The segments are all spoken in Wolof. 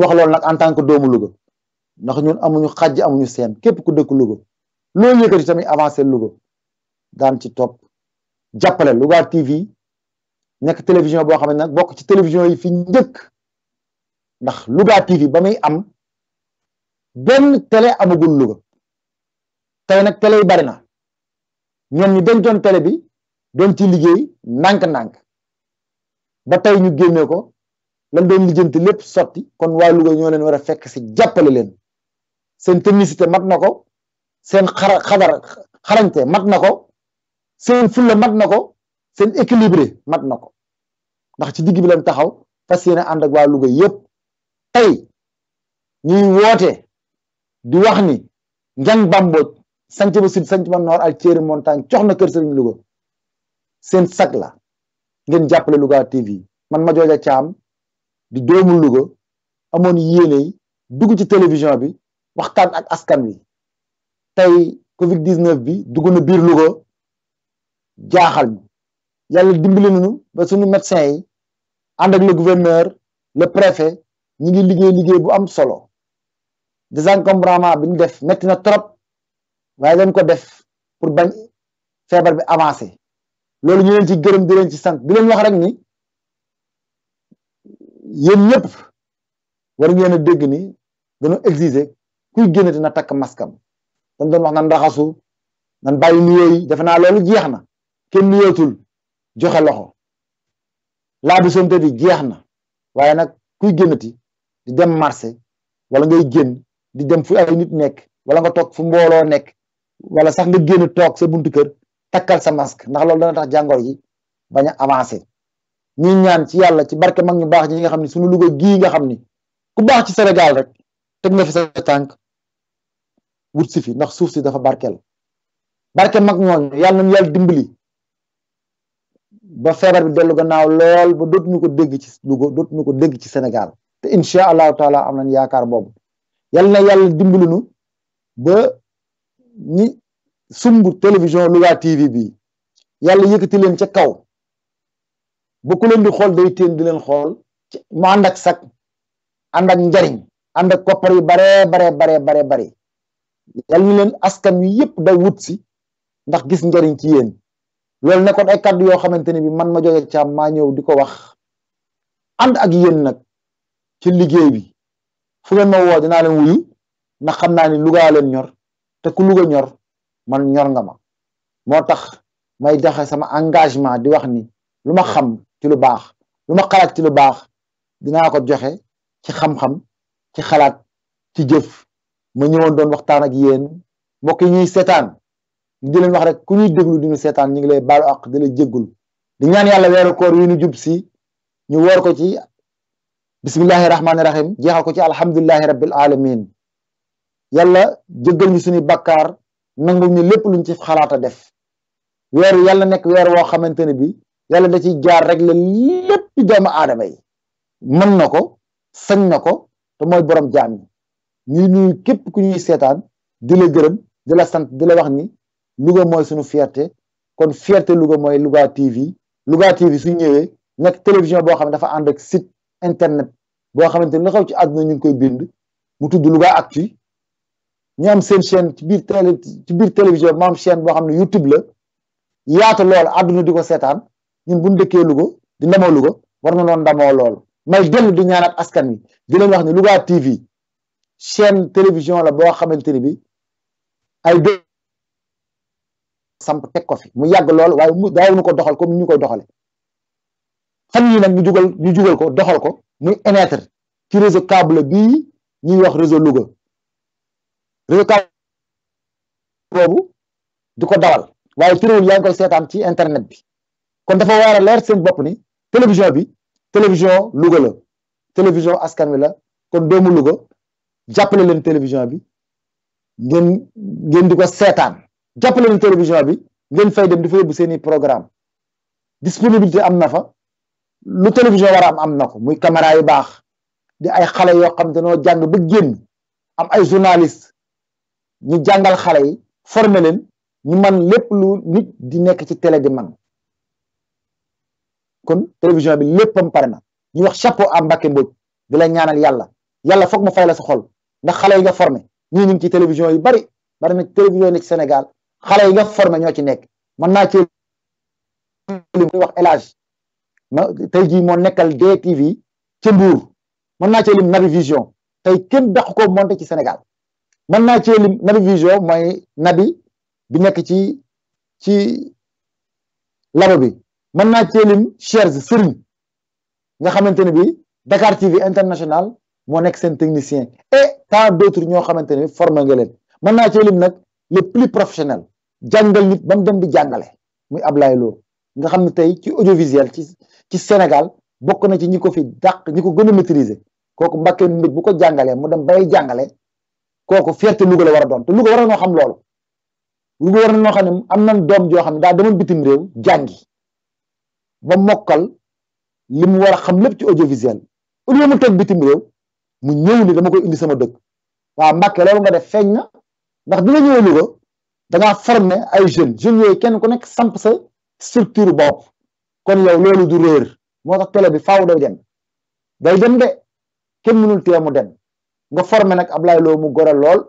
wax loolu nag en tant que doomu Louga ndax ñun amuñu xàjj amuñu seen képp ku dëkk Louga loolu yëkkati tamit avancé Louga daan ci topp jàppale Louga TV nekk télévision boo xam ne nag bokk ci télévision yi fi njëkk ndax Louga TV ba muy am benn télé amagul Louga tey nag télé yi bari na ñoom ñu dencoon télé bi doon ci liggéey ndànk-ndànk ba tey ñu génne ko la doon lijjanti lépp sotti kon waa Louga ñoo leen war a fekk si jàppale leen seen technicité mat na ko seen xara xadar xarañte mat na ko seen fulla mat na ko seen équilibré mat na ko ndax ci digg bi leen taxaw fas yéene ànd ak waa Louga yépp tey ñuy woote di wax ni njang bamboj sanc ba sud sanc ba noor ak Thierry Montagne jox na kër Serigne Louga seen sag la ngeen jàppale Louga TV man ma jooja caam di doomu Louga amoon yéene dugg ci télévision bi waxtaan ak askan wi tey Covid 19 bi dugg na biir Louga jaaxal ñu yàlla dimbali ba suñu médecin yi ànd ak le gouverneur le préfet ñi ngi liggéey liggéey bu am solo désencombrement bi ñu def metti na trop waaye dañ ko def pour bañ feebar bi avancé loolu ñu leen ci gërëm di leen ci sant di leen wax rek ni. Yen ñëpp war ngeena a dégg ni dañu exiger kuy génnati na tak maskam dañ doon wax na ndaxasu nan bàyyi nuyoo yi defe naa loolu jeex na kenn nuyootul joxe loxo laabi sonte di jeexna waye nak kuy gënëti di dem marché wala ngay gën di dem fu ay nit nek wala nga tok fu mbolo nek wala sax nga gën tok sa buntu kër takkal sa masque ndax lolu dana tax jangor yi baña avancer ñuy ñaan ci yàlla ci barke mag ñu baax ñi nga xam ne suñu Louga gii nga xam ni ku baax ci Sénégal rek te nga fi sa tànk wut si fi ndax suuf si dafa barkeel barke mag ñooñu yàlla nañu yàlla dimbali ba feebar bi dellu gannaaw lool ba dootuñu ko dégg ci Louga dootuñu ko dégg ci senegal te incha allahu taala am nañ yaakaar boobu yàlla na yàlla dimbali nu ba ñi sumb télévision Louga TV bi yàlla yëkkati leen ca kaw bu ku di xool day teen di leen xool mu ànd ak sag ànd ak njariñ ànd ak koppar yu bare baree baree baree bare yal ñu leen askan wi yëpp day wut si ndax gis njariñ ci yéen ne ko ay kàddu yoo xamante ne bi man ma jóge caam maa ñëw di ko wax ànd ak yéen nag ci liggéey bi fu ngeen ma woo dinaa leen wuyu ndax xam naa ni Louga leen ñor te ku Louga ñor man ñor nga ma moo tax may joxe sama engagement di wax ni lu ma xam ci lu baax lu ma xalaat ci lu baax dinaa ko joxe ci xam-xam ci xalaat ci jëf ma ñëwoon doon waxtaan ak yéen mbokk yi ñuy seetaan di leen wax rek ku ñuy déglu di ñu seetaan ñu ngi lay baalu àq di la di ñaan yàlla weeru koor wi ñu jub si ñu woor ko ci bismillahi rahmaani rahim jeexal ko ci alhamdulillahi rabbil alamin yàlla jëggal ñu suñu bakkaar nangul ñu lépp luñ ci xalaat a def weer yàlla nekk weer woo xamante ne bi yàlla da ci jaar rek la lépp doomu aadama yi mën na ko sañ na ko te mooy borom jaam yi ñuy nuyu képp ku ñuy seetaan di la gërëm di la sant di la wax ni Louga mooy suñu fierté kon fierté Louga mooy Louga TV Louga TV suñ ñëwee nekk télévision boo xam ne dafa ànd ak site internet boo xamante ni la xew ci àdduna ñu ngi koy bind mu tudd Louga Actu ñu seen chaîne ci biir télé ci biir télévision mam am boo xam ne YouTube la yaatu lool àdduna di ko seetaan. ñun bu ñu dëkkee Louga di ndamoo Louga war na noon ndamoo lool may dellu di ñaanaat askan wi di leen wax ne Louga TV chaîne télévision la boo xamante ni bi ay dé samp teg ko fi mu yàgg lool waaye mu daawuñu ko doxal comme ni koy doxale fan yii nag ñu jugal ñu jugal ko doxal ko muy émettre ci réseau câble bii ñuy wax réseau Louga réseau câble boobu di ko dawal waaye tëréwul yaa ngi koy seetaan ci internet bi kon dafa war a leer seen bopp ni télévision bi télévision Louga la télévision askan wi la kon doomu Louga jàppale leen télévision bi ngeen ngeen di ko seetaan jàppale leen télévision bi ngeen fay dem di fa yóbbu seen i programme disponibilité am na fa lu télévision war am am na ko muy caméra yu baax di ay xale yoo xam te noo jàng ba génn am ay journaliste ñu jàngal xale yi former leen ñu man lépp lu nit di nekk ci télé di man kon télévision bi léppam pare na ñu wax chapeau à Mbacke Mbodj di ñaanal yàlla yàlla foog mu fay sa xol ndax xale yi nga formé ñii ñu ci télévision yu bari bari na télévision ci Sénégal xale yi nga formé ñoo ci nekk mën naa ci li wax élage ma tey jii moo nekkal DTV ci Mbour mën naa cee lim Nabi Vision tey kenn dàq ko monté ci Sénégal mën naa cee lim Nabi Vision mooy nabi bi nekk ci ci labo bi mën naa cee lim Cheikh Sëriñ nga xamante ne bi Dakar TV international moo nekk seen technicien et tant d'autres ñoo xamante ne bi formé nga mën naa cee lim nag le plus professionnel jàngal nit ba mu dem bi jàngale muy Ablaye Lo nga xam ne tey ci audiovisuel ci ci Sénégal bokk na ci ñi ko fi dàq ñi ko gën a maîtriser kooku Mbàkke mbit bu ko jàngalee mu dem bay jàngale kooku fierté Louga la war a doon te Louga war na noo xam loolu Louga war na noo xam ne am nan doom joo xam ne daa demoon bitim réew jàngi ba mokkal li war a xam lépp ci audiovisuel au lieu mu toog bitim réew mu ñëw ni dama koy indi sama dëkk waa Mbàkke loolu nga def feeñ na ndax bi nga ñëwee Louga dangaa formé ay jeunes jeunes yooyu kenn ku nekk samp sa structure bopp kon yow loolu du réer moo tax télé bi faaw day dem day dem de kenn mënul tee mu dem nga formé nag Ablaye Lo mu gore lool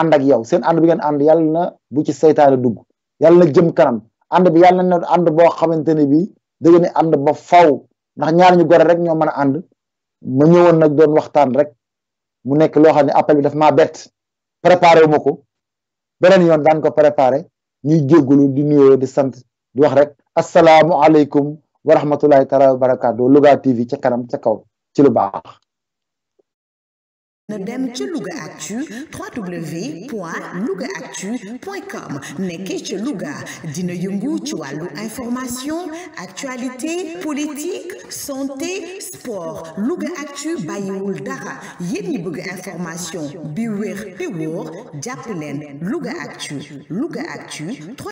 ànd ak yow seen ànd bi ngeen ànd yàlla na bu ci seytaane dugg yàlla na jëm kanam ànd bi yàlla na ànd boo xamante ne bii dëgg ne ànd ba faw ndax ñaar ñu gore rek ñoo mën a ànd ma ñëwoon na doon waxtaan rek mu nekk loo xam ne appel bi daf maa bett préparé wu ma ko beneen yoon daan ko préparé ñuy jéggulu di nuyoo di sant di wax rek asalaamu aleykum wa rahmatullahi taala wa barakaatu Louga TV ca kanam ca kaw ci lu baax ne dem ci Actu www.lougaactu.com nekkee Luga, Louga yungu yëngu ci information actualité politique santé sport Luga Actu Bayoul dara Yenibug information bi wér te Luga Actu l'uga Actu